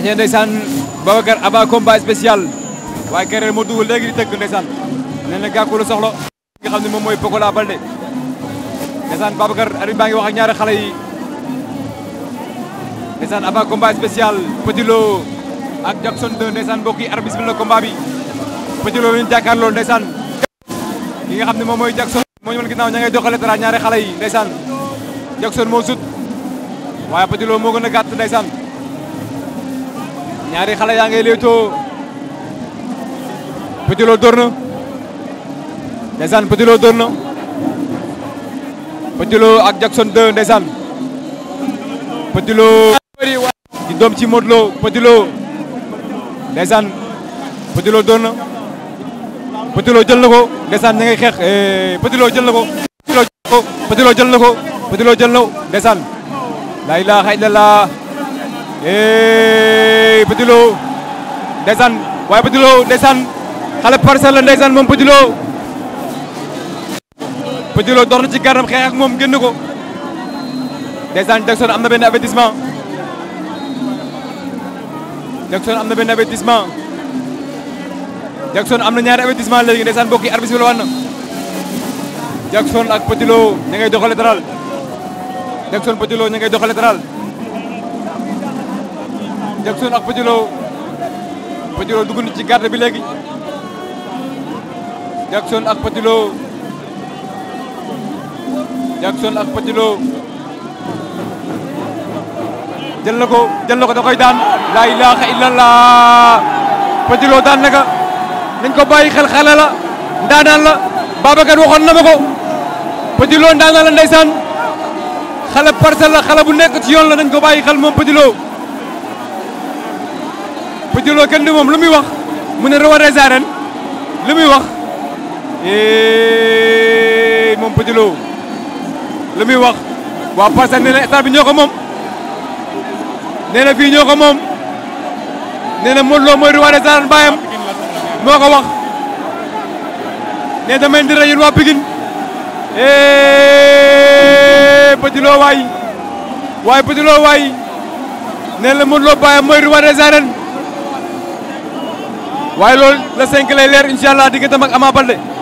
añee ndeysaan Babacar aba combat spécial waaye Kéré moo dugg léegi di tëgg ndeysaan nee na gàkku la nga xam ne moom mooy Pokola balde ndeysaan Babacar arbitre baa ngi wax ak ñaari xale yi ndeysaan aba combat spécial Petit ak Jackson de ndeysaan mbokk yi arbitre bi la combat bi Petit Lo ñu jàkkaarloo ndeysaan ki nga xam ne moom Jackson moo ñu mën ginnaaw ña ngay doxale dara ñaari xale yi ndeysaan Jackson moo sut waaye Petit Lo moo gën a ñaari xale yaa ngay leetoo Petit Lo dóor na ndeysaan Petit Lo dóor na Petit Lo ak Jackson 2 ndeysaan Petit Lo di doom ci Modou Lo Petit Lo ndeysaan na ko ndeysaan ña ngay xeex Petit Lo jël na ko Petit Lo jël na ko Petit Lo jël Petit Lo ndeysaan waaye Petit Lo ndeysaan xale parcelle la ndeysaan moom Petit Lo Petit Lo dox na ci gàddam xeex ak moom génn ko ndeysaan Jackson am na benn avertissement Jackson am na benn avertissement Jackson am na ñaari avertissement léegi ndeysaan mbokk yi arbitre bi la wan na Jackson ak Petit Lo ña ngay doxal latéral Jackson Petit Lo ña ngay doxal latéral Jackson ak Pajuloo Pajuloo dugg ci garde bi léegi Jackson ak Pajuloo Jackson ak Pajuloo jël na ko jël na ko da koy daan laa ilaaha illallah Pajuloo daan na nañ ko bàyyi xel xale la ndaanaan la Babacar waxoon na ma ko Pajuloo ndaanaan la ndeysaan xale parcelle la xale bu nekk ci yoon la nañ ko bàyyi xel moom Pajuloo bu jëloo kenn di moom lu muy wax mu ne roi des arènes lu muy wax yee eh, moom bu jëloo lu muy wax waa Parcelles nee na stade bi ñoo ko moom nee na fii ñoo ko moom nee na Modou Lo mooy roi des arènes baayam moo ko wax ne damay ndira yéen waa Pikine Petit eh, Lo waay waaye Petit Lo waay nee na Modou Lo baayam mooy roi des waaye loolu la 5 lay leer incha allah digganteem ak Ama Baldé